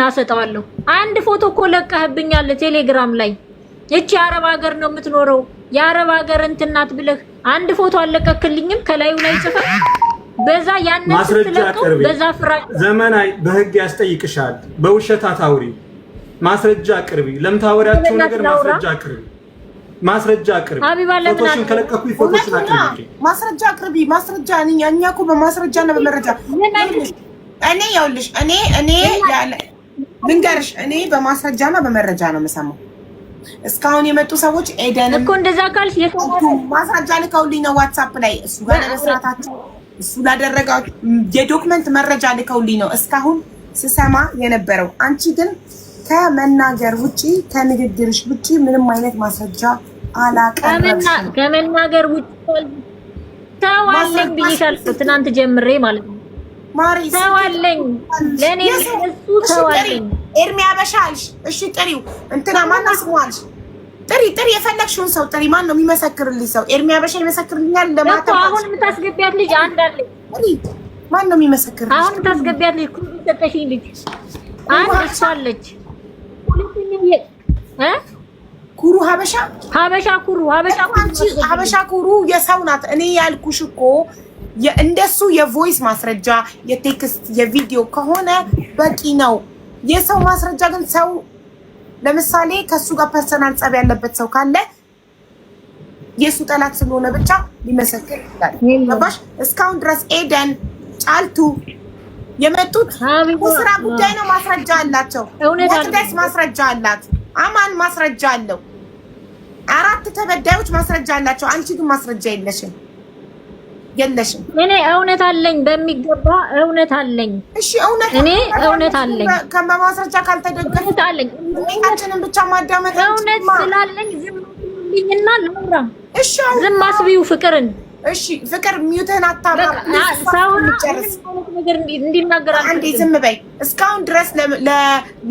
እናሰጠዋለሁ። አንድ ፎቶ እኮ ለቀህብኛል ቴሌግራም ላይ። እቺ የአረብ ሀገር ነው የምትኖረው የአረብ ሀገር እንትን ናት ብለህ አንድ ፎቶ አለቀክልኝም ከላዩ ላይ ጽፈ በዛ ያንን ስትለቀው በዛ ፍራ ዘመናዊ በህግ ያስጠይቅሻል። በውሸት አታውሪ፣ ማስረጃ አቅርቢ። ለምታወሪያቸው ነገር ማስረጃ አቅርቢ ማስረጃ አቅርቢ። ሀቢባ ለምን ከለቀኩ ፎቶሽን አቅርቢ፣ ማስረጃ አቅርቢ። ማስረጃ እኛ እኮ በማስረጃ ነው በመረጃ እኔ ያውልሽ እኔ እኔ ልንገርሽ፣ እኔ በማስረጃና በመረጃ ነው የምሰማው። እስካሁን የመጡ ሰዎች ኤደን እኮ እንደዛ ካልሽ ማስረጃ ልከውልኝ ነው ዋትሳፕ ላይ እሱ ጋር ለመስራታቸው እሱ ላደረጋችሁ የዶክመንት መረጃ ልከውልኝ ነው እስካሁን ስሰማ የነበረው። አንቺ ግን ከመናገር ውጪ ከንግግርሽ ውጪ ምንም አይነት ማስረጃ አላቀረብሽም። ከመናገር ውጪ ተዋለኝ ብዬሻል ትናንት ጀምሬ ማለት ነው ሰው አለኝ ለእኔ እሱ ሰው አለኝ። ኤርሚ አበሻ አልሽ። እሺ ጥሪው እንትና ማነው ስሙ አልሽ። ጥሪ ጥሪ፣ የፈለግሽውን ሰው ጥሪ። ማን ነው የሚመሰክርልኝ ሰው? ኤርሚ አበሻ ይመሰክርልኛል። ለማታ አሁን የምታስገቢያት ልጅ አንድ አለኝ። ማን ነው የሚመሰክርልኝ? አሁን የምታስገቢያት ልጅ ኩሉ ሰጠሽኝ ልጅ አንድ እሷ አለች። ኩሩ ሀበሻ ሀበሻ ኩሩ ሀበሻ ኩሩ የሰው ናት። እኔ ያልኩሽ እኮ እንደሱ የቮይስ ማስረጃ የቴክስት የቪዲዮ ከሆነ በቂ ነው። የሰው ማስረጃ ግን ሰው ለምሳሌ ከሱ ጋር ፐርሰናል ጸብ ያለበት ሰው ካለ የእሱ ጠላት ስለሆነ ብቻ ሊመሰክር ይችላል። እስካሁን ድረስ ኤደን ጫልቱ የመጡት ስራ ጉዳይ ነው። ማስረጃ አላቸው። ወቅደስ ማስረጃ አላት። አማን ማስረጃ አለው። አራት ተበዳዮች ማስረጃ አላቸው። አንቺ ግን ማስረጃ የለሽም። የለሽም። እኔ እውነት አለኝ፣ በሚገባ እውነት አለኝ። እሺ እውነት እኔ እውነት አለኝ። ከማስረጃ ካልተደገፈ እውነት አለኝ። እኛችንን ብቻ ማዳመጥ እውነት ስላለኝ ዝም ልምራ። እሺ ዝም አስቢው ፍቅርን። እሺ ፍቅር ሚዩትህን አታብራ። ነገር እንዲናገር አንዴ ዝም በይ። እስካሁን ድረስ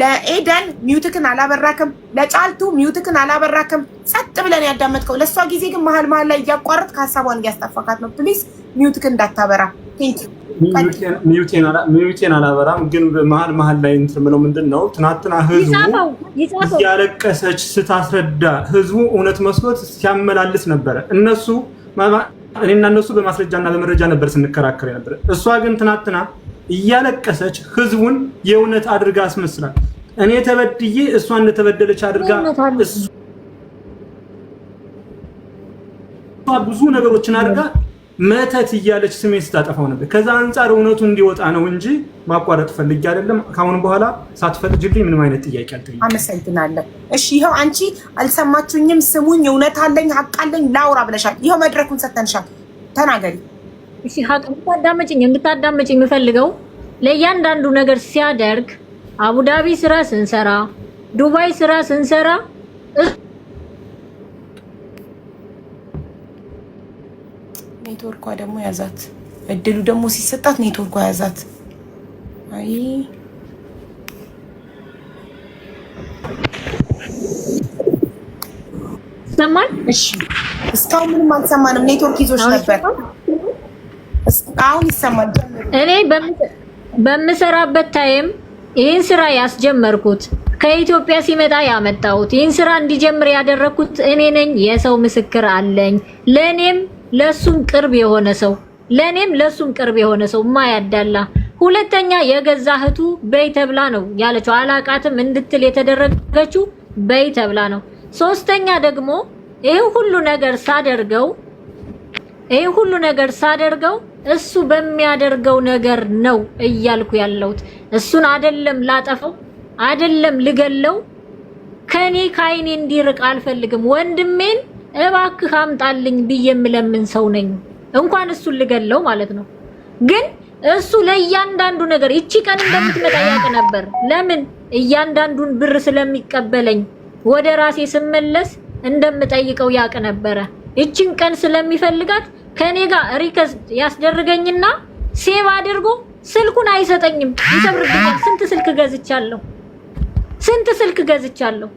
ለኤደን ሚውትክን አላበራክም፣ ለጫልቱ ሚውትክን አላበራክም። ጸጥ ብለን ያዳመጥከው። ለእሷ ጊዜ ግን መሀል መሀል ላይ እያቋረጥ ከሀሳቧን እያስጠፋካት ነው ሚዩትክ እንዳታበራ ሚዩቴን አላበራም። ግን መሀል መሀል ላይ እንትን ምለው ምንድን ነው ትናንትና ህዝቡ እያለቀሰች ስታስረዳ ህዝቡ እውነት መስሎት ሲያመላልስ ነበረ። እነሱ እኔና እነሱ በማስረጃና በመረጃ ነበር ስንከራከር ነበር። እሷ ግን ትናንትና እያለቀሰች ህዝቡን የእውነት አድርጋ አስመስላል። እኔ ተበድዬ እሷ እንደተበደለች አድርጋ ብዙ ነገሮችን አድርጋ መተት እያለች ስሜን ስታጠፋው ነበር። ከዛ አንጻር እውነቱ እንዲወጣ ነው እንጂ ማቋረጥ ፈልጌ አይደለም። ከአሁን በኋላ ሳትፈቅጂልኝ ምንም አይነት ጥያቄ አልጠይቅም። አመሰግናለሁ። እሺ ይኸው አንቺ አልሰማችሁኝም፣ ስሙኝ፣ እውነት አለኝ፣ ሀቅ አለኝ፣ ላውራ ብለሻል። ይኸው መድረኩን ሰተንሻል፣ ተናገሪ። እሺ ሀቅ እንድታዳመጭኝ የምፈልገው ለእያንዳንዱ ነገር ሲያደርግ አቡዳቢ ስራ ስንሰራ፣ ዱባይ ስራ ስንሰራ ኔትወርኳ ደግሞ ያዛት። እድሉ ደግሞ ሲሰጣት ኔትወርኳ ያዛት። አይ ሰማን። እሺ፣ እስካሁን ምንም አልሰማንም። ኔትወርክ ይዞች ነበር። አሁን ይሰማል። እኔ በምሰራበት ታይም ይህን ስራ ያስጀመርኩት ከኢትዮጵያ ሲመጣ ያመጣሁት ይህን ስራ እንዲጀምር ያደረግኩት እኔ ነኝ። የሰው ምስክር አለኝ ለእኔም ለሱም ቅርብ የሆነ ሰው ለኔም ለሱም ቅርብ የሆነ ሰው ማያዳላ። ሁለተኛ የገዛ እህቱ በይ ተብላ ነው ያለችው። አላቃትም እንድትል የተደረገችው በይ ተብላ ነው። ሶስተኛ ደግሞ ይህ ሁሉ ነገር ሳደርገው ይሄ ሁሉ ነገር ሳደርገው እሱ በሚያደርገው ነገር ነው እያልኩ ያለሁት። እሱን አደለም ላጠፈው፣ አደለም ልገለው፣ ከኔ ከአይኔ እንዲርቅ አልፈልግም ወንድሜን እባክህ አምጣልኝ ብዬ የምለምን ሰው ነኝ። እንኳን እሱን ልገለው ማለት ነው። ግን እሱ ለእያንዳንዱ ነገር ይቺ ቀን እንደምትመጣ ያውቅ ነበር። ለምን እያንዳንዱን ብር ስለሚቀበለኝ ወደ ራሴ ስመለስ እንደምጠይቀው ያውቅ ነበረ። ይቺን ቀን ስለሚፈልጋት ከኔ ጋር ሪከስ ያስደርገኝና ሴቭ አድርጎ ስልኩን አይሰጠኝም፣ ይሰብርብኛል። ስንት ስልክ ገዝቻለሁ፣ ስንት ስልክ ገዝቻለሁ።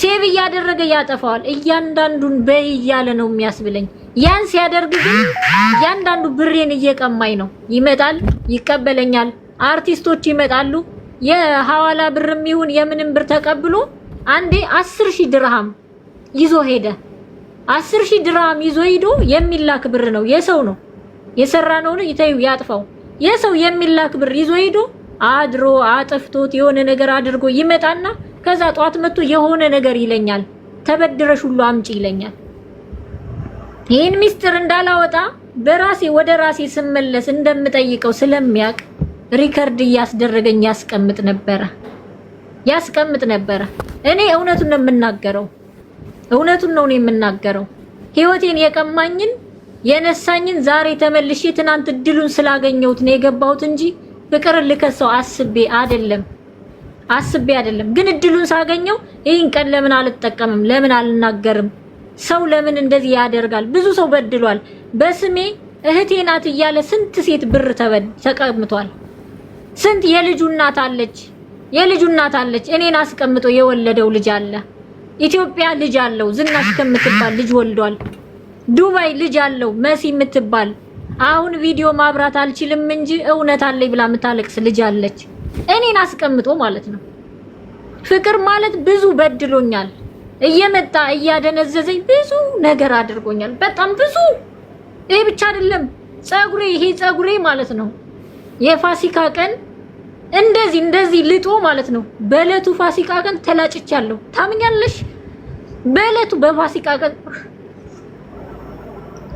ሴቭ እያደረገ ያጠፋዋል። እያንዳንዱን በይ እያለ ነው የሚያስብለኝ። ያን ሲያደርግ ግን እያንዳንዱ ብሬን እየቀማኝ ነው። ይመጣል፣ ይቀበለኛል። አርቲስቶች ይመጣሉ። የሐዋላ ብርም ይሁን የምንም ብር ተቀብሎ አንዴ አስር ሺህ ድርሃም ይዞ ሄደ። አስር ሺህ ድርሃም ይዞ ሄዶ የሚላክ ብር ነው የሰው ነው የሰራ ነውን ይተዩ ያጥፋው። የሰው የሚላክ ብር ይዞ ሄዶ አድሮ አጠፍቶት የሆነ ነገር አድርጎ ይመጣና ከዛ ጠዋት መጥቶ የሆነ ነገር ይለኛል፣ ተበድረሽ ሁሉ አምጪ ይለኛል። ይህን ሚስጥር እንዳላወጣ በራሴ ወደ ራሴ ስመለስ እንደምጠይቀው ስለሚያውቅ ሪከርድ እያስደረገኝ ያስቀምጥ ነበረ ያስቀምጥ ነበረ። እኔ እውነቱን ነው የምናገረው፣ እውነቱን ነው እኔ የምናገረው። ህይወቴን የቀማኝን የነሳኝን ዛሬ ተመልሼ ትናንት እድሉን ስላገኘሁት ነው የገባሁት እንጂ ፍቅርን ልከሰው አስቤ አይደለም። አስቤ አይደለም፣ ግን እድሉን ሳገኘው ይህን ቀን ለምን አልጠቀምም? ለምን አልናገርም? ሰው ለምን እንደዚህ ያደርጋል? ብዙ ሰው በድሏል። በስሜ እህቴ ናት እያለ ስንት ሴት ብር ተቀምጧል። ስንት የልጁ እናት አለች፣ የልጁ እናት አለች። እኔን አስቀምጦ የወለደው ልጅ አለ። ኢትዮጵያ ልጅ አለው፣ ዝናሽ ከምትባል ልጅ ወልዷል። ዱባይ ልጅ አለው፣ መሲ የምትባል አሁን ቪዲዮ ማብራት አልችልም እንጂ እውነት አለኝ ብላ የምታለቅስ ልጅ አለች። እኔን አስቀምጦ ማለት ነው። ፍቅር ማለት ብዙ በድሎኛል፣ እየመጣ እያደነዘዘኝ ብዙ ነገር አድርጎኛል። በጣም ብዙ። ይሄ ብቻ አይደለም፣ ፀጉሬ፣ ይሄ ፀጉሬ ማለት ነው የፋሲካ ቀን እንደዚህ እንደዚህ ልጦ ማለት ነው። በእለቱ ፋሲካ ቀን ተላጭቻለሁ። ታምኛለሽ? በእለቱ በፋሲካ ቀን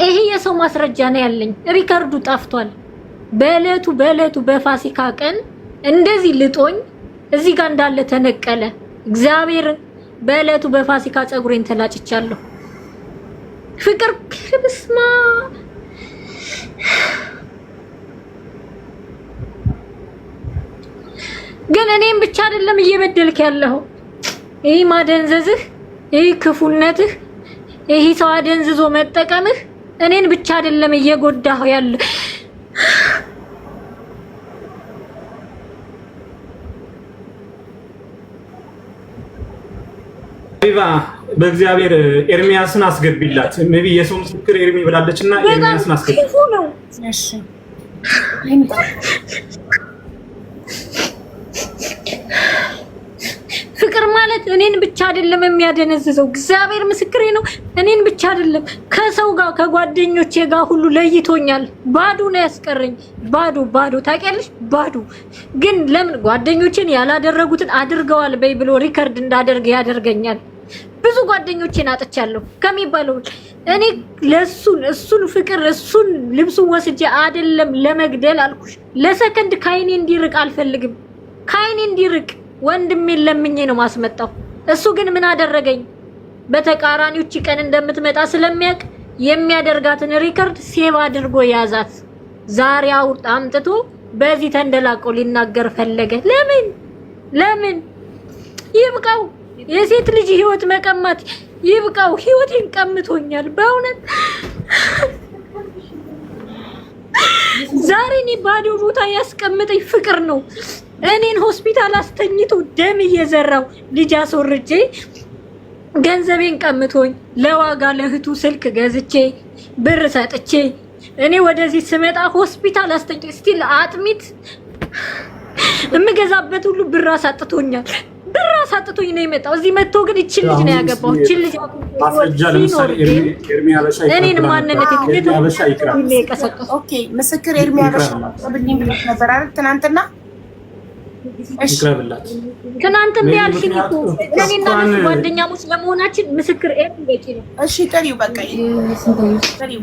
ይሄ የሰው ማስረጃ ነው ያለኝ። ሪከርዱ ጠፍቷል። በእለቱ በእለቱ በፋሲካ ቀን እንደዚህ ልጦኝ እዚህ ጋር እንዳለ ተነቀለ። እግዚአብሔርን በእለቱ በፋሲካ ፀጉሬን ተላጭቻለሁ። ፍቅር ክብስማ ግን እኔም ብቻ አይደለም እየበደልክ ያለው። ይህ ማደንዘዝህ፣ ይህ ክፉነትህ፣ ይህ ሰው አደንዝዞ መጠቀምህ እኔን ብቻ አይደለም እየጎዳህ ያለ ሪባ በእግዚአብሔር ኤርሚያስን አስገቢላት። ቢ የሰው ምስክር ኤርሚ ብላለች እና ኤርሚያስን አስገቢ ነው ማለት እኔን ብቻ አይደለም የሚያደነዝዘው፣ እግዚአብሔር ምስክሬ ነው። እኔን ብቻ አይደለም ከሰው ጋር ከጓደኞቼ ጋር ሁሉ ለይቶኛል። ባዶ ነው ያስቀረኝ። ባዶ ባዶ፣ ታውቂያለሽ፣ ባዶ። ግን ለምን ጓደኞቼን ያላደረጉትን አድርገዋል በይ ብሎ ሪከርድ እንዳደርግ ያደርገኛል። ብዙ ጓደኞቼን አጥቻለሁ ከሚባለው እኔ ለሱን እሱን ፍቅር እሱን ልብሱን ወስጄ አይደለም ለመግደል አልኩሽ። ለሰከንድ ካይኔ እንዲርቅ አልፈልግም። ካይኔ እንዲርቅ ወንድሜን ለምኜ ነው ማስመጣው። እሱ ግን ምን አደረገኝ? በተቃራኒው እቺ ቀን እንደምትመጣ ስለሚያውቅ የሚያደርጋትን ሪከርድ ሴቭ አድርጎ ያዛት ዛሬ አውጥ አምጥቶ በዚህ ተንደላቆ ሊናገር ፈለገ። ለምን ለምን? ይብቃው። የሴት ልጅ ህይወት መቀማት ይብቃው። ህይወቴን ቀምቶኛል በእውነት ዛሬ እኔ ባዶ ቦታ ያስቀምጠኝ ፍቅር ነው። እኔን ሆስፒታል አስተኝቶ ደም እየዘራው ልጅ አስወርጄ ገንዘቤን ቀምቶኝ ለዋጋ ለእህቱ ስልክ ገዝቼ ብር ሰጥቼ እኔ ወደዚህ ስመጣ ሆስፒታል አስተኝ ስቲል አጥሚት የምገዛበት ሁሉ ብር አሳጥቶኛል። ብር አሳጥቶኝ ነው የመጣው። እዚህ መጥቶ ግን ይችን ልጅ ነው ያገባው። ይችን ልጅ እኔን ማንነት የቀሰቀሰው ምስክር ኤርሚ ያበሻ ብኝ ብሎት ነበር አይደል ትናንትና ትናንት እምቢ አልሽኝ እኮ ለእኔና ጓደኛሞች ለመሆናችን ምስክር ኤም በቂ ነው። እሺ ጥሪው በቃ ጥሪው።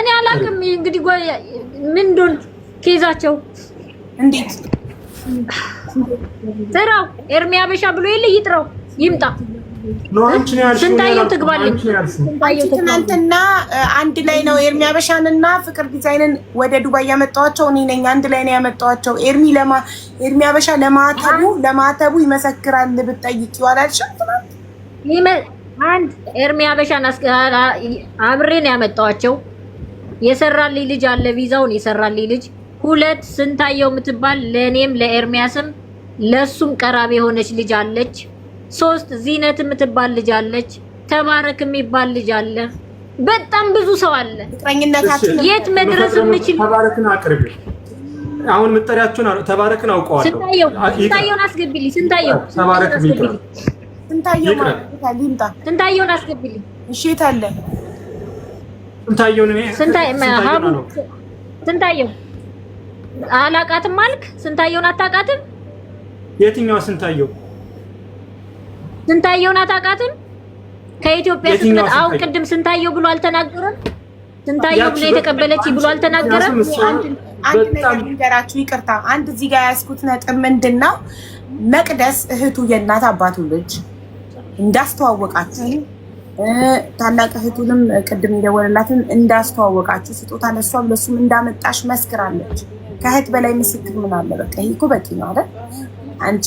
እኔ አላውቅም እንግዲህ ምን እንደሆነ ኬዛቸው እንዴት ጥራው። ኤርሚያ በሻ ብሎ የለ ይጥራው ይምጣ ስንታየው ትግባለች። ትናንትና አንድ ላይ ነው ኤርሚ አበሻን ፍቅር ዲዛይንን ወደ ዱባይ ያመጣኋቸው እኔ ነኝ። አንድ ላይ ነው ያመጣኋቸው። ኤርሚ ኤርሚ አበሻ ለማተቡ ለማተቡ ይመሰክራል አንድ ኤርሚ አበሻን ያመጣኋቸው። የሰራልኝ ልጅ አለ፣ ቪዛውን የሰራልኝ ልጅ። ሁለት ስንታየው የምትባል ለእኔም ለኤርሚያስም ለእሱም ቀራቢ የሆነች ልጅ አለች። ሶስት ዚነት የምትባል ልጅ አለች። ተባረክ የሚባል ልጅ አለ። በጣም ብዙ ሰው አለ። የት መድረስ የምችል ተባረክን አቅርቢ። አሁን መጠሪያችሁን ተባረክን አውቀዋለሁ። ስንታየው ስንታየውን አስገቢልኝ። ስንታየው ተባረክ ቢቀር ስንታየው ስንታየውን አስገቢልኝ። እሺ ታለ ስንታየውን እኔ ስንታየው አላቃትም አልክ። ስንታየውን አታቃትም? የትኛዋ ስንታየው ስንታየውን አታውቃትም? ከኢትዮጵያ ስትመጣ አሁን ቅድም ስንታየው ብሎ አልተናገረም? ስንታየው ብሎ የተቀበለች ብሎ አልተናገረም? አንድ ነገር ልንገራችሁ፣ ይቅርታ። አንድ እዚህ ጋር ያስኩት ነጥብ ምንድን ነው፣ መቅደስ እህቱ የእናት አባቱ ልጅ እንዳስተዋወቃችሁ ታላቅ እህቱንም ቅድም የደወለላትን እንዳስተዋወቃችሁ ስጦታ ለሷም ለሱም እንዳመጣሽ መስክራለች። ከእህት በላይ ምስክር ምን አለ? በቃ ይህ እኮ በቂ ነው አይደል? አንቺ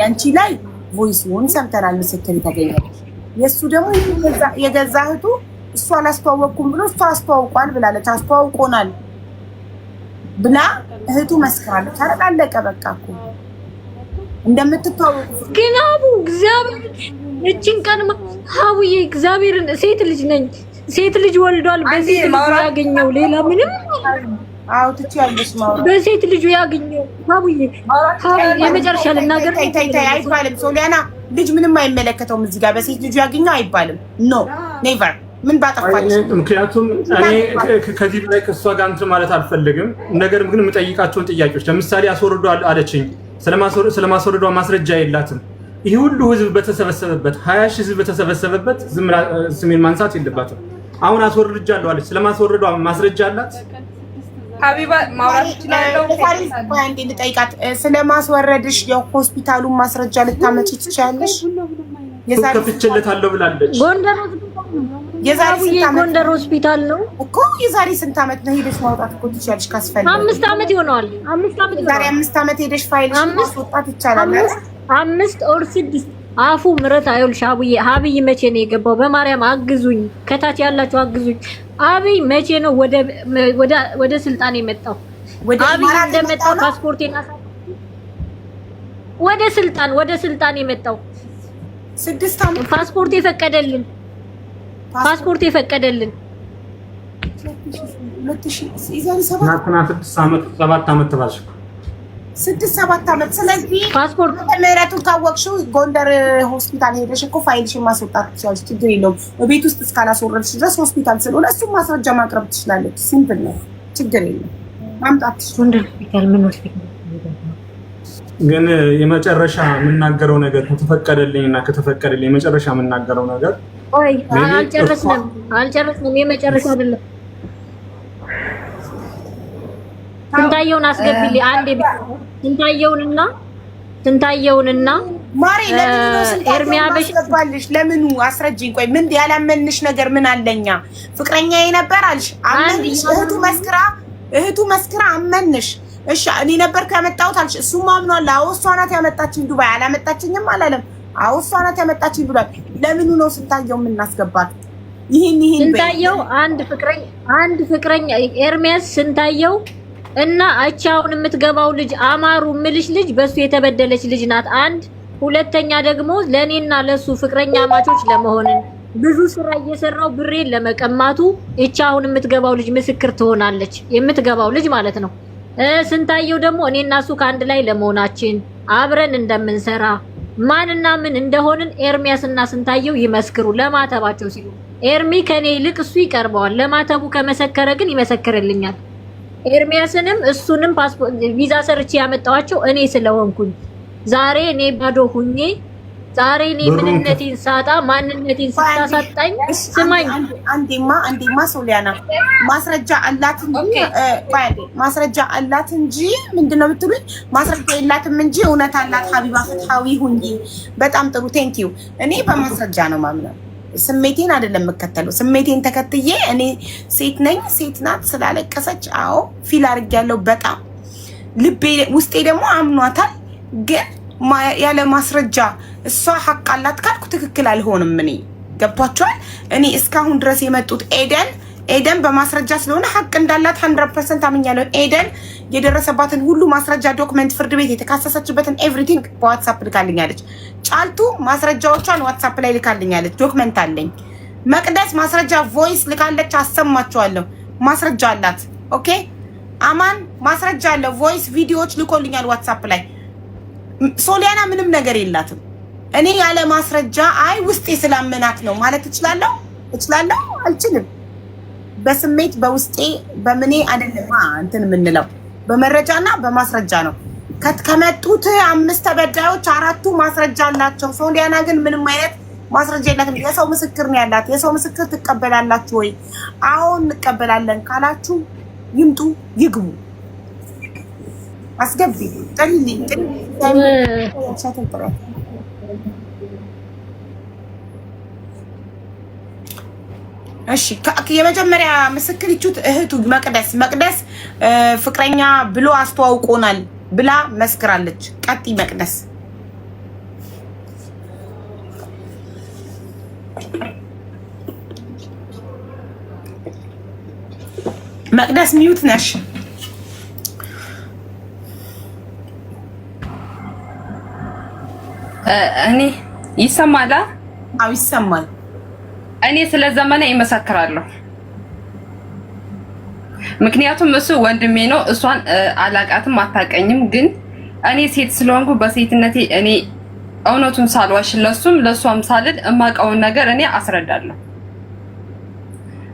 ያንቺ ላይ ቮይስን ሰምተናል። ምስክር የተገኘች የእሱ ደግሞ የገዛ እህቱ እሱ አላስተዋወቅኩም ብሎ እሱ አስተዋውቋል ብላለች። አስተዋውቆናል ብላ እህቱ መስክራለች። አረቅ አለቀ። በቃ እኮ እንደምትተዋወቁ ግን አቡ እግዚአብሔር እችን ቀን ሀቡዬ እግዚአብሔርን ሴት ልጅ ነኝ ሴት ልጅ ወልዷል። በዚህ ያገኘው ሌላ ምንም በሴት ልጁ ያገኘው የመጨረሻ ልናገር አይባልም። ሶሊያና ልጅ ምንም አይመለከተውም። እዚህ ጋር በሴት ልጁ ያገኘው አይባልም። ኖ ኔቨር ምን ባጠፋች። ምክንያቱም እኔ ከዚህ በላይ ከእሷ ጋር እንትን ማለት አልፈልግም። ነገር ግን የምጠይቃቸውን ጥያቄዎች ለምሳሌ አስወርዶ አለችኝ። ስለማስወርዷ ማስረጃ የላትም። ይህ ሁሉ ህዝብ በተሰበሰበበት ሀያ ሺህ ህዝብ በተሰበሰበበት ስሜን ማንሳት የለባትም። አሁን አስወርጃለሁ አለች። ስለማስወርዷ ማስረጃ አላት ሀቢባ ማውራት ትችላለሁ። ስለ ማስወረድሽ የሆስፒታሉን ማስረጃ ልታመጪ ትችላለሽ? ከፍቼለታለሁ ብላለች። ጎንደር ሆስፒታል ነው እኮ። የዛሬ ስንት ዓመት ነው ሄደሽ ማውጣት እኮ ትችላለሽ ካስፈለገ። አምስት ዓመት ይሆነዋል። አምስት ዓመት ሄደሽ ፋይል ማስወጣት ይቻላል። አምስት ኦር ስድስት አፉ ምረት አይውልሽ። አብይ አብይ መቼ ነው የገባው? በማርያም አግዙኝ፣ ከታች ያላችሁ አግዙኝ። አብይ መቼ ነው ወደ ወደ ወደ ስልጣን የመጣው? አብይ እንደመጣ ፓስፖርት ወደ ስልጣን ወደ ስልጣን የመጣው ስድስት ዓመት ፓስፖርት የፈቀደልን ፓስፖርት የፈቀደልን ሰባት ዓመት ተባልሽ ስድስት ሰባት አመት ስለዚህ ፓስፖርት ምህረቱን ካወቅሽው ጎንደር ሆስፒታል ሄደሽ እኮ ፋይልሽን ማስወጣት ትችላለች። ችግር የለውም። ቤት ውስጥ እስካላስወረድሽ ድረስ ሆስፒታል ስለሆነ እሱም ማስረጃ ማቅረብ ትችላለች። ሲምፕል ነው። ችግር የለም። ማምጣት ግን የመጨረሻ የምናገረው ነገር ከተፈቀደልኝ እና ከተፈቀደልኝ የመጨረሻ የምናገረው ነገር አልጨረስንም፣ አልጨረስንም። የመጨረሻ አይደለም ስንታየውን አስገቢልኝ አንዴ። ስንታየውንና ስንታየውንና ማሬ ኤርሚያ ባልሽ ለምኑ አስረጅኝ። ቆይ ምን ያላመንሽ ነገር ምን አለኛ? ፍቅረኛ የነበር አልሽ አመንሽ። እህቱ መስክራ እህቱ መስክራ አመንሽ። እሺ እኔ ነበር ከመጣሁት አልሽ። እሱም አምኗል። አዎ እሷ ናት ያመጣችኝ ዱባይ። አላመጣችኝም አላለም። አዎ እሷ ናት ያመጣችኝ ብሏል። ለምኑ ነው ስንታየው የምናስገባት? ይሄን ይሄን ስንታየው አንድ ፍቅረኛ አንድ ፍቅረኛ ኤርሚያስ ስንታየው እና እቺ አሁን የምትገባው ልጅ አማሩ ምልሽ ልጅ በሱ የተበደለች ልጅ ናት። አንድ ሁለተኛ ደግሞ ለኔና ለሱ ፍቅረኛ ማቾች ለመሆንን ብዙ ስራ እየሰራው ብሬን ለመቀማቱ እቺ አሁን የምትገባው ልጅ ምስክር ትሆናለች። የምትገባው ልጅ ማለት ነው። ስንታየው ደግሞ እኔና እሱ ከአንድ ላይ ለመሆናችን አብረን እንደምንሰራ ማንና ምን እንደሆንን እና ስንታየው ይመስክሩ ለማተባቸው ሲሉ ኤርሚ ከኔ ይልቅ እሱ ይቀርበዋል። ለማተቡ ከመሰከረ ግን ይመሰክርልኛል። ኤርሚያስንም እሱንም ቪዛ ሰርቼ ያመጣኋቸው እኔ ስለሆንኩኝ ዛሬ እኔ ባዶ ሁኜ ዛሬ እኔ ምንነቴን ሳጣ ማንነቴን ስታሳጣኝ፣ ስማኝ አንዴማ አንዴማ ሶሊያና ማስረጃ አላት እንጂ ማስረጃ አላት እንጂ ምንድን ነው የምትሉኝ? ማስረጃ የላትም እንጂ እውነት አላት። ሀቢባ ፍትሐዊ ሁኚ። በጣም ጥሩ ቴንኪዩ። እኔ በማስረጃ ነው ማምነው። ስሜቴን አይደለም የምከተለው። ስሜቴን ተከትዬ እኔ ሴት ነኝ ሴት ናት ስላለቀሰች አዎ ፊል አድርጌያለሁ። በጣም ልቤ ውስጤ ደግሞ አምኗታል። ግን ያለ ማስረጃ እሷ ሀቅ አላት ካልኩ ትክክል አልሆንም። እኔ ገብቷቸዋል። እኔ እስካሁን ድረስ የመጡት ኤደን ኤደን በማስረጃ ስለሆነ ሀቅ እንዳላት ሀንድረድ ፐርሰንት አምኛለሁ። ኤደን የደረሰባትን ሁሉ ማስረጃ፣ ዶክመንት፣ ፍርድ ቤት የተካሰሰችበትን ኤቭሪቲንግ በዋትሳፕ ልካልኛለች። ጫልቱ ማስረጃዎቿን ዋትሳፕ ላይ ልካልኛለች። ዶክመንት አለኝ። መቅደስ ማስረጃ ቮይስ ልካለች። አሰማችኋለሁ። ማስረጃ አላት። ኦኬ አማን ማስረጃ አለው። ቮይስ ቪዲዮዎች ልኮልኛል ዋትሳፕ ላይ። ሶሊያና ምንም ነገር የላትም። እኔ ያለ ማስረጃ አይ ውስጤ ስላመናት ነው ማለት እችላለሁ? እችላለሁ? አልችልም። በስሜት በውስጤ በምኔ አይደለም እንትን የምንለው በመረጃና በማስረጃ ነው። ከመጡት አምስት ተበዳዮች አራቱ ማስረጃ አላቸው። ሶሊያና ግን ምንም አይነት ማስረጃ የላትም። የሰው ምስክር ነው ያላት። የሰው ምስክር ትቀበላላችሁ ወይ? አሁን እንቀበላለን ካላችሁ ይምጡ፣ ይግቡ፣ አስገቢ ጥሪ እሺ የመጀመሪያ ምስክር ይችሁት እህቱ መቅደስ መቅደስ ፍቅረኛ ብሎ አስተዋውቆናል ብላ መስክራለች። ቀጢ መቅደስ መቅደስ ሚዩት ነሽ። እኔ ይሰማላ? አዎ ይሰማል። እኔ ስለ ዘመነ ይመሰክራለሁ። ምክንያቱም እሱ ወንድሜ ነው። እሷን አላቃትም፣ አታቀኝም። ግን እኔ ሴት ስለሆንኩ በሴትነቴ እኔ እውነቱን ሳልዋሽ ለሱም ለሷም ሳልል እማቀውን ነገር እኔ አስረዳለሁ።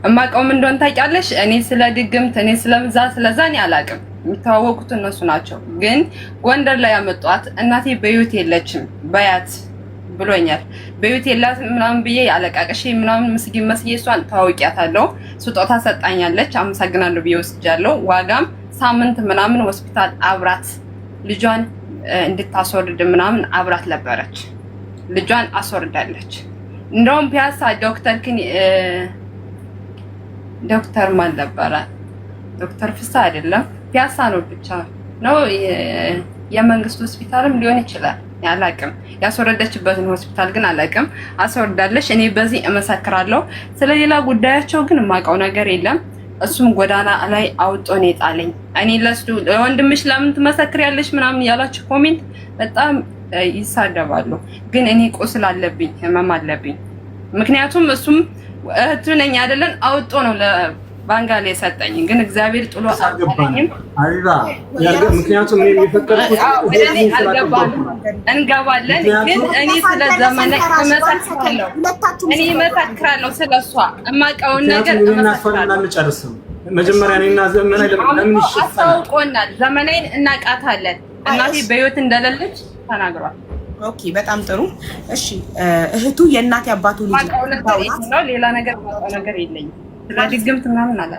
እማቀውም እንደሆነ ታውቂያለሽ። እኔ ስለ ድግምት እኔ ስለምዛ ስለዛ እኔ አላቅም። የሚተዋወቁት እነሱ ናቸው። ግን ጎንደር ላይ ያመጧት እናቴ በህይወት የለችም በያት ብሎኛል። በቤት የላት ምናምን ብዬ አለቃቅሼ ምናምን ምስጊን መስዬ እሷን ታወቂያታለሁ። ስጦታ ሰጣኛለች፣ አመሰግናለሁ ብዬ ወስጃለሁ። ዋጋም ሳምንት ምናምን ሆስፒታል አብራት ልጇን እንድታስወርድ ምናምን አብራት ነበረች። ልጇን አስወርዳለች። እንደውም ፒያሳ ዶክተር ክን ዶክተር ማን ነበረ? ዶክተር ፍሳ አይደለም ፒያሳ ነው ብቻ ነው የመንግስት ሆስፒታልም ሊሆን ይችላል አላቅም። ያስወረደችበትን ሆስፒታል ግን አላቅም። አስወርዳለች፣ እኔ በዚህ እመሰክራለሁ። ስለሌላ ጉዳያቸው ግን የማውቀው ነገር የለም። እሱም ጎዳና ላይ አውጦ ነው የጣለኝ። እኔ ለሱ ለወንድምሽ ለምን ትመሰክሪያለሽ ምናምን ያላችሁ ኮሜንት በጣም ይሳደባሉ። ግን እኔ ቁስል አለብኝ፣ ህመም አለብኝ። ምክንያቱም እሱም እህቱ ነኝ አይደለን አውጦ ነው ባንጋሊ ሰጠኝ ግን እግዚአብሔር ጥሎ አልገባኝም። ምክንያቱም እንገባለን፣ ግን እኔ ስለ ዘመነ እመሰክራለሁ። እኔ እመሰክራለሁ ስለ እሷ የማውቀውን ነገር እመሰክራለሁ። መጀመሪያ እኔና ዘመናዊ ለምን አስታውቆናል። ዘመናዊን እናውቃታለን። እናቴ በህይወት እንደሌለች ተናግሯል። ኦኬ፣ በጣም ጥሩ። እሺ፣ እህቱ የእናቴ አባቱ ልጅ ነው። ሌላ ነገር ነገር የለኝም ድግምት ምናምን አላ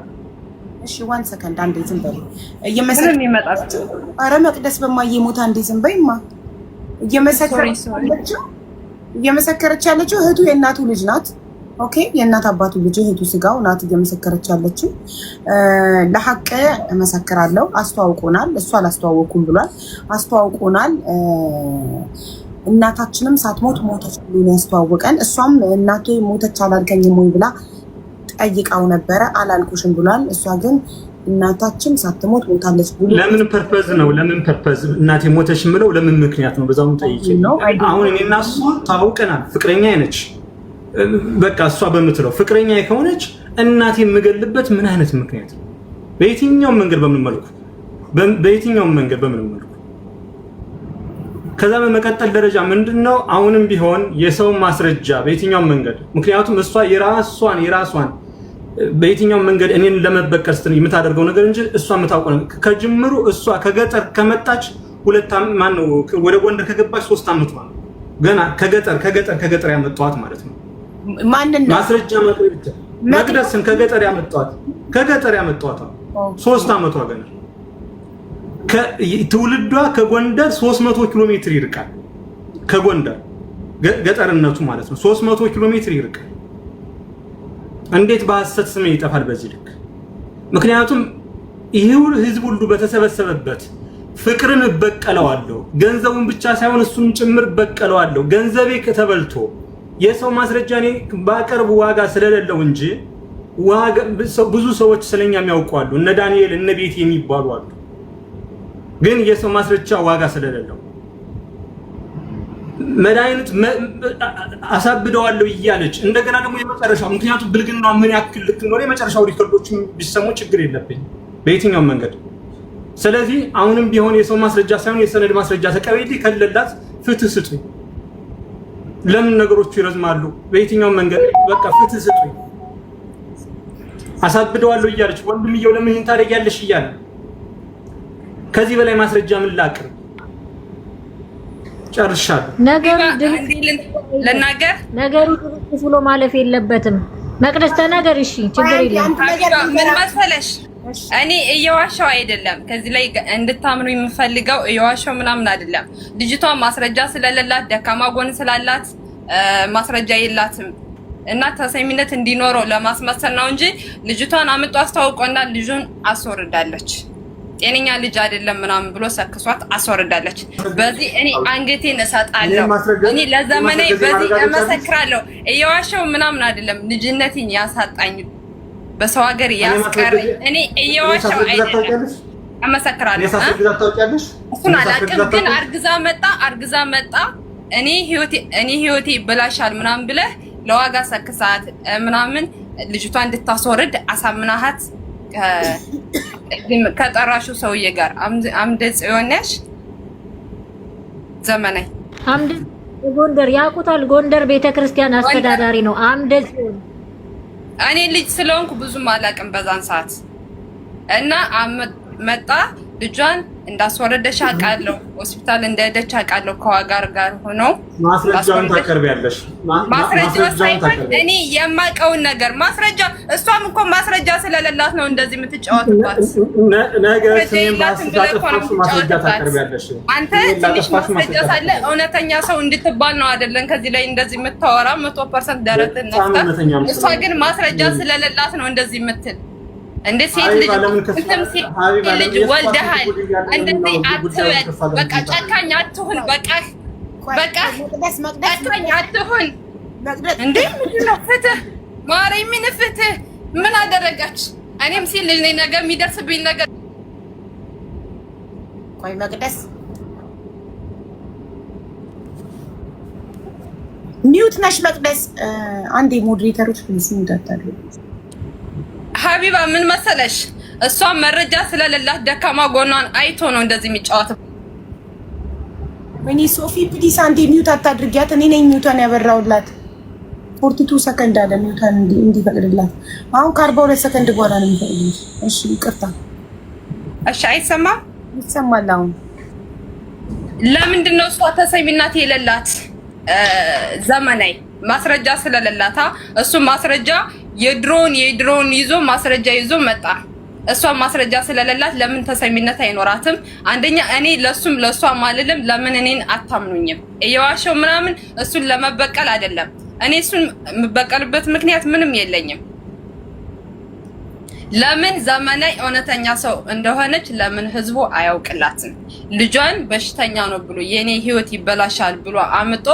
እሺ፣ ዋን ሰከንድ አንዴ ዝም በሉ። እየመሰከረ ኧረ መቅደስ በማዬ ሞታ አንዴ ዝም በይማ። እየመሰከረች ያለችው እህቱ የእናቱ ልጅ ናት። ኦኬ፣ የእናት አባቱ ልጅ እህቱ ስጋው ናት። እየመሰከረች ያለችው ለሀቅ እመሰክራለሁ። አስተዋውቆናል፣ እሱ አላስተዋወኩም ብሏል። አስተዋውቆናል። እናታችንም ሳትሞት ሞተች ብሎ ያስተዋወቀን። እሷም እናቴ ሞተች አላልከኝም ወይ ብላ ጠይቃው ነበረ አላልኩሽም ብሏል። እሷ ግን እናታችን ሳትሞት ሞታለች ብሎ ለምን ፐርፐዝ ነው ለምን ፐርፐዝ እናቴ ሞተች የምለው ለምን ምክንያት ነው? በዛውም ጠይቄ አሁን እኔ እና እሷ ታውቀናል። ፍቅረኛ ነች በቃ እሷ በምትለው ፍቅረኛ ከሆነች እናቴ የምገልበት ምን አይነት ምክንያት ነው? በየትኛውም መንገድ በምን መልኩ በየትኛውም መንገድ በምን መልኩ ከዛ በመቀጠል ደረጃ ምንድነው አሁንም ቢሆን የሰው ማስረጃ በየትኛውም መንገድ ምክንያቱም እሷ የራሷን የራሷን በየትኛውም መንገድ እኔን ለመበቀል ስትል የምታደርገው ነገር እንጂ እሷ የምታውቀው ነገር ከጅምሩ እሷ ከገጠር ከመጣች ሁለት ማን ነው ወደ ጎንደር ከገባች ሶስት አመቷ ነው። ገና ከገጠር ከገጠር ከገጠር ያመጣዋት ማለት ነው። ማንን ማስረጃ ማቅረብ ብቻ መቅደስን ከገጠር ያመጣዋት ከገጠር ያመጣዋት ሶስት አመቷ ገና ትውልዷ ከጎንደር 300 ኪሎ ሜትር ይርቃል። ከጎንደር ገጠርነቱ ማለት ነው 300 ኪሎ ሜትር ይርቃል። እንዴት በሐሰት ስም ይጠፋል በዚህ ልክ? ምክንያቱም ይህ ህዝብ ሁሉ በተሰበሰበበት ፍቅርን እበቀለዋለሁ፣ ገንዘቡን ብቻ ሳይሆን እሱን ጭምር እበቀለዋለሁ። ገንዘቤ ከተበልቶ የሰው ማስረጃ እኔ ዋጋ ስለሌለው እንጂ ብዙ ሰዎች ስለኛ የሚያውቋሉ፣ እነ ዳንኤል እነ ቤት የሚባሉ አሉ። ግን የሰው ማስረጃ ዋጋ ስለሌለው መድኃኒት አሳብደዋለሁ እያለች እንደገና ደግሞ የመጨረሻ ምክንያቱም ብልግና ምን ያክል ልትኖር የመጨረሻው ሪከርዶች ቢሰሙ ችግር የለብኝ በየትኛውም መንገድ። ስለዚህ አሁንም ቢሆን የሰው ማስረጃ ሳይሆን የሰነድ ማስረጃ ተቀበይልኝ፣ ከለላት ፍትህ ስጡ። ለምን ነገሮቹ ይረዝማሉ? በየትኛውም መንገድ በቃ ፍትህ ስጡ። አሳብደዋለሁ እያለች ወንድምየው ለምን ታደርጊያለሽ እያለ ከዚህ በላይ ማስረጃ ምን ላቅርብ? ጨርሻለሁ። ነገሩ ድርቅ ብሎ ማለፍ የለበትም። መቅደስ ተናገር። እሺ ችግር የለም። ምን መሰለሽ እኔ እየዋሻው አይደለም። ከዚህ ላይ እንድታምኑ የምፈልገው እየዋሻው ምናምን አይደለም። ልጅቷ ማስረጃ ስለሌላት ደካማ ጎን ስላላት ማስረጃ የላትም እና ተሰሚነት እንዲኖረው ለማስመሰል ነው እንጂ ልጅቷን አምጦ አስተዋውቆና ልጁን አስወርዳለች። ጤነኛ ልጅ አይደለም ምናምን ብሎ ሰክሷት አስወርዳለች። በዚህ እኔ አንገቴን እሰጣለሁ። እኔ ለዘመኔ በዚህ እመሰክራለሁ። እየዋሸው ምናምን አይደለም ልጅነቴን ያሳጣኝ በሰው ሀገር ያስቀረኝ እኔ እየዋሸው አይደለም እመሰክራለሁ። እሱን አላውቅም፣ ግን አርግዛ መጣ አርግዛ መጣ እኔ ህይወቴ እኔ ህይወቴ ይበላሻል ምናምን ብለህ ለዋጋ ሰክሳት ምናምን ልጅቷ እንድታስወርድ አሳምናሃት ከጠራሹ ሰውዬ ጋር አምደ ጽዮን ነሽ? ዘመናይ አምደ ጎንደር ያውቁታል። ጎንደር ቤተክርስቲያን አስተዳዳሪ ነው አምደ ጽዮን። እኔ ልጅ ስለሆንኩ ብዙም አላውቅም በዛን ሰዓት እና መጣ ልጇን እንዳስወረደሽ አውቃለሁ። ሆስፒታል እንደሄደች አውቃለሁ። ከዋጋር ጋር ሆኖ ማስረጃውን ታቀርቢያለሽ። ማስረጃ ሳይሆን እኔ የማውቀውን ነገር ማስረጃ። እሷም እኮ ማስረጃ ስለሌላት ነው እንደዚህ የምትጫወትባት። ነገር አንተ ትንሽ ማስረጃ ሳለ እውነተኛ ሰው እንድትባል ነው አይደለን? ከዚህ ላይ እንደዚህ የምታወራ መቶ ፐርሰንት ደረትን ነፍታ። እሷ ግን ማስረጃ ስለሌላት ነው እንደዚህ የምትል እንደ ሴት ልጅ ልጅ ወልደሃል። እንደዚህ አትበል። በቃ ጨካኝ አትሁን። በቃ በቃ ጨካኝ አትሁን። እንደ ምንድን ነው ፍትህ? ማርያም ምን ፍትህ? ምን አደረጋች? እኔም ሴት ልጅ ነኝ። ነገር የሚደርስብኝ ነገር ቆይ መቅደስ ኒውት ነሽ። መቅደስ አንዴ ሞዴሬተሮች ብዙ እንዳታሉ ሀቢባ ምን መሰለሽ፣ እሷ መረጃ ስለሌላት ደካማ ጎኗን አይቶ ነው እንደዚህ የሚጫወት። እኔ ሶፊ ፕሊስ አንዴ ሚውት አታድርጊያት። እኔ ነኝ ሚውቷን ያበራውላት። ፎርቲቱ ሰከንድ አለ ሚውቷን እንዲፈቅድላት። አሁን ከአርባ ሁለት ሰከንድ በኋላ ነው የሚፈቅድልሽ። እሺ ይቅርታ። እሺ አይሰማም? ይሰማል አሁን። ለምንድን ነው እሷ ተሰሚናት የሌላት? ዘመናይ ማስረጃ ስለሌላታ እሱ ማስረጃ የድሮን የድሮን ይዞ ማስረጃ ይዞ መጣ። እሷ ማስረጃ ስለሌላት ለምን ተሰሚነት አይኖራትም? አንደኛ እኔ ለሱም ለሷ ማልልም። ለምን እኔን አታምኑኝም? እየዋሸው ምናምን እሱን ለመበቀል አይደለም። እኔ እሱን የምበቀልበት ምክንያት ምንም የለኝም። ለምን ዘመናዊ እውነተኛ ሰው እንደሆነች ለምን ህዝቡ አያውቅላትም? ልጇን በሽተኛ ነው ብሎ የኔ ህይወት ይበላሻል ብሎ አምጦ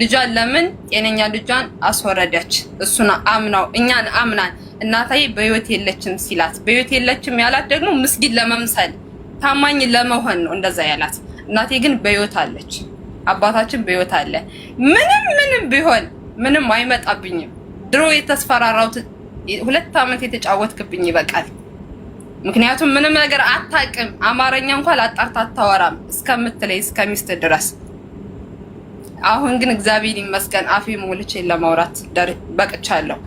ልጇን ለምን ጤነኛ ልጇን አስወረደች? እሱን አምናው እኛን አምናን እናታዬ በህይወት የለችም ሲላት በህይወት የለችም ያላት ደግሞ ምስጊድ ለመምሰል ታማኝ ለመሆን ነው እንደዛ ያላት። እናቴ ግን በህይወት አለች፣ አባታችን በህይወት አለ። ምንም ምንም ቢሆን ምንም አይመጣብኝም ድሮ የተስፈራራውት ሁለት ዓመት የተጫወትክብኝ ይበቃል። ምክንያቱም ምንም ነገር አታውቅም። አማርኛ እንኳን አጣርታ አታወራም እስከምትለይ እስከሚስት ድረስ። አሁን ግን እግዚአብሔር ይመስገን አፌ ሞልቼ ለማውራት በቅቻለሁ።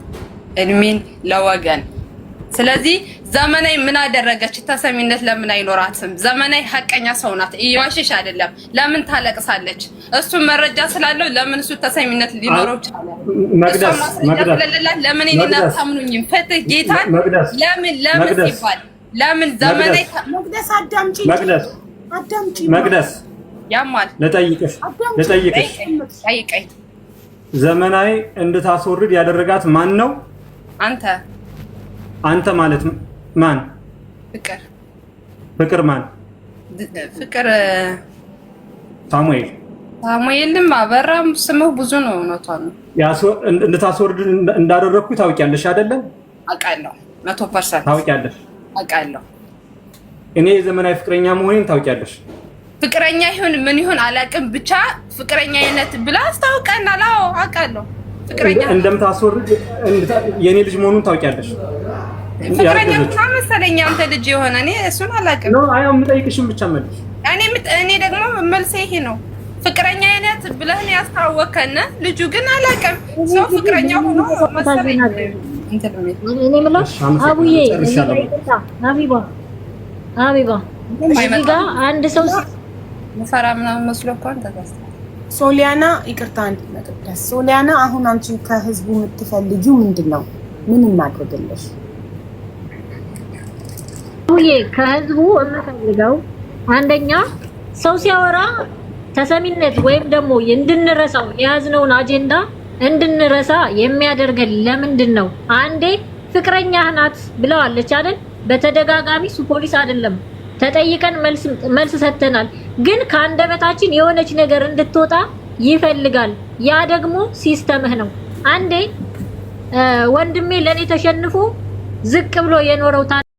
እድሜን ለወገን ስለዚህ ዘመናዊ ምን አደረገች? ተሰሚነት ለምን አይኖራትም? ዘመናዊ ሀቀኛ ሰው ናት። እየዋሸሽ አይደለም። ለምን ታለቅሳለች? እሱ መረጃ ስላለው ለምን እሱ ተሰሚነት ሊኖረው ይችላል? መቅደስ ለምን እኔና አታምኑኝም? ፍትህ ጌታን ለምን ለምን ይባል ለምን ዘመናዊ መቅደስ አዳምጪ፣ መቅደስ አዳምጪ፣ መቅደስ ያማል። ልጠይቅሽ ልጠይቅሽ፣ ጠይቀኝ። ዘመናዊ እንድታስወርድ ያደረጋት ማን ነው? አንተ አንተ ማለት ማን? ፍቅር ፍቅር ማን? ፍቅር ሳሙኤል ሳሙኤልም አበራም ስምህ ብዙ ነው። እውነቷ ነው። እንድታስወርድ እንዳደረግኩ ታውቂያለሽ አይደለም? አውቃለሁ። መቶ ፐርሰንት ታውቂያለሽ። አውቃለሁ። እኔ የዘመናዊ ፍቅረኛ መሆኔን ታውቂያለሽ። ፍቅረኛ ይሁን ምን ይሁን አላውቅም፣ ብቻ ፍቅረኛነት ብላ አስታውቀናል። አዎ አውቃለሁ። ፍቅረኛ እንደምታስወርድ የእኔ ልጅ መሆኑን ታውቂያለሽ። ፍቅረኛ መሰለኝ አንተ ልጅ የሆነ እኔ እሱን አላውቅም። አይ ብቻ መልስ። እኔ ደግሞ ይሄ ነው። ፍቅረኛ አይነት ብለህን ያስተዋወከን ልጁ ግን አላውቅም። ሰው ፍቅረኛ ሆኖ መሰለኝ። አቡዬ እዚህ አንድ ሰው ምናምን መስሎ እኮ አንተ ሶሊያና ይቅርታ፣ አንድ ነገር ሶሊያና፣ አሁን አንቺ ከህዝቡ የምትፈልጊው ምንድን ነው? ምን እናድርግልሽ? ከህዝቡ የምፈልገው አንደኛ ሰው ሲያወራ ተሰሚነት ወይም ደግሞ እንድንረሳው የያዝነውን አጀንዳ እንድንረሳ የሚያደርገን ለምንድን ነው? አንዴ ፍቅረኛ ናት ብለዋለች አይደል? በተደጋጋሚ እሱ ፖሊስ አይደለም ተጠይቀን መልስ ሰጥተናል። ግን ከአንደበታችን የሆነች ነገር እንድትወጣ ይፈልጋል። ያ ደግሞ ሲስተምህ ነው። አንዴ ወንድሜ ለእኔ ተሸንፎ ዝቅ ብሎ የኖረው